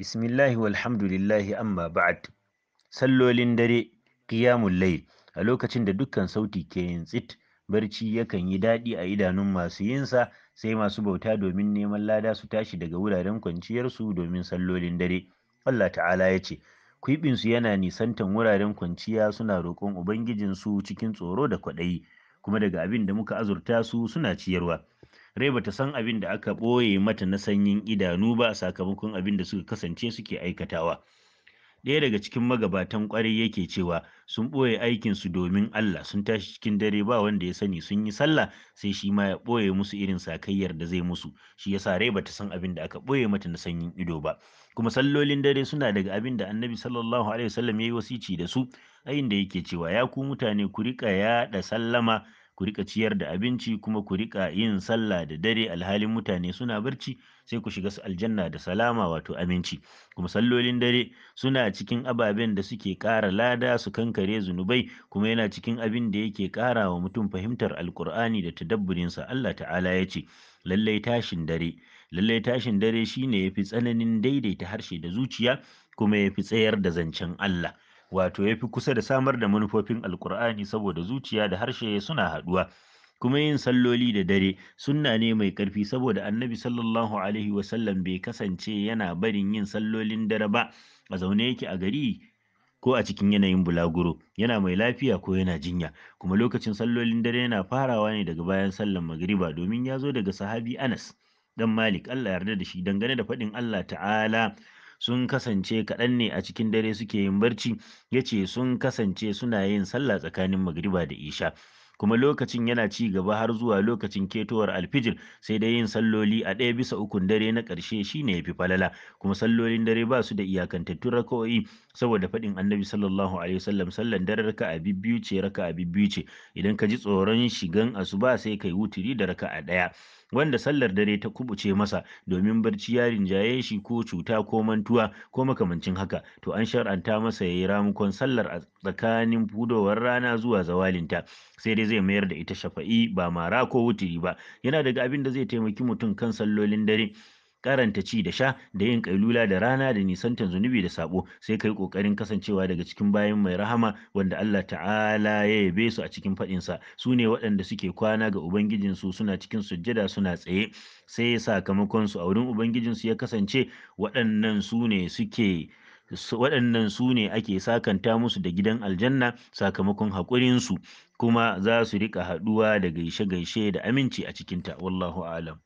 bismillahi walhamdulillahi amma ba'ad sallolin dare qiyamul layl a lokacin da dukkan sauti ke yin tsit barci yakan yi daɗi a idanun masu yinsa sai masu bauta domin neman lada su tashi daga wuraren kwanciyarsu domin sallolin dare Allah ta'ala ya ce kwiɓinsu yana nisantan wuraren kwanciya suna roƙon ubangijinsu cikin tsoro da kwaɗayi kuma daga abin da muka azurta su suna ciyarwa rai bata san abin da aka ɓoye mata na sanyin idanu ba sakamakon abin da suka kasance suke aikatawa ɗaya daga cikin magabatan ƙwarai yake cewa sun ɓoye aikinsu domin Allah sun tashi cikin dare ba wanda ya sani sun yi sallah sai shi ma ya ɓoye musu irin sakayyar da zai musu shi ya sa rai bata san abin da aka ɓoye mata na sanyin ido ba kuma sallolin dare suna daga abin da annabi sallallahu alaihi wasallam ya yi wasici da su ayin da yake cewa ya ku mutane ku riƙa yaɗa sallama ku riƙa ciyar da abinci kuma ku riƙa yin sallah da dare alhalin mutane suna barci sai ku shiga su aljanna da salama wato aminci kuma sallolin dare suna cikin ababen da suke ƙara lada su kankare zunubai kuma yana cikin abin da yake ƙara wa mutum fahimtar alkur'ani da tadabburinsa Allah ta'ala ya ce lallai tashin dare lallai tashin dare shine yafi tsananin daidaita harshe da zuciya kuma yafi tsayar da zancen Allah wato ya fi kusa da samar da manufofin alkur'ani saboda zuciya da harshe suna haɗuwa kuma yin salloli da dare sunna ne mai ƙarfi saboda annabi sallallahu alaihi wasallam bai kasance yana barin yin sallolin dare ba a zaune yake a gari ko a cikin yanayin bulaguro yana mai lafiya ko yana jinya kuma lokacin sallolin dare yana farawa ne daga bayan sallan magriba domin ya zo daga sahabi anas dan malik allah yarda da shi dangane da faɗin allah ta'ala sun kasance kaɗan ne a cikin dare suke yin barci ya ce sun kasance suna yin sallah tsakanin magriba da isha kuma lokacin yana ci gaba har zuwa lokacin ketowar alfijir sai dai yin salloli a ɗaya bisa ukun dare na ƙarshe shine ya fi falala kuma sallolin dare ba su da iyakantattun raka'o'i saboda faɗin annabi sallallahu alaihi wasallam sallan dare raka a bibbiyu ce raka a bibbiyu ce idan ka ji tsoron shigan asuba sai ka yi wuturi da raka a ɗaya wanda sallar dare ta kubuce masa domin barci ya rinjaye shi ko cuta ko mantuwa ko makamancin haka to an shar'anta masa ya yi ramukon sallar a tsakanin budowar rana zuwa zawalinta sai dai zai mayar da ita shafa'i ba mara ko wuturi ba yana daga abin da zai taimaki mutum kan sallolin dare karanta ci da sha da yin kailula da rana da nisantan zunubi da sabo sai kai kokarin kasancewa daga cikin bayan mai rahama wanda Allah ta'ala ya yabe su a cikin fadin sa su ne waɗanda suke kwana ga ubangijin su suna cikin sujjada suna tsaye sai sakamakon su a wurin ubangijin su ya kasance waɗannan su ne suke waɗannan su ne ake sakanta musu da gidan aljanna sakamakon haƙurinsu kuma za su riƙa haɗuwa da gaishe-gaishe da aminci a cikinta wallahu alam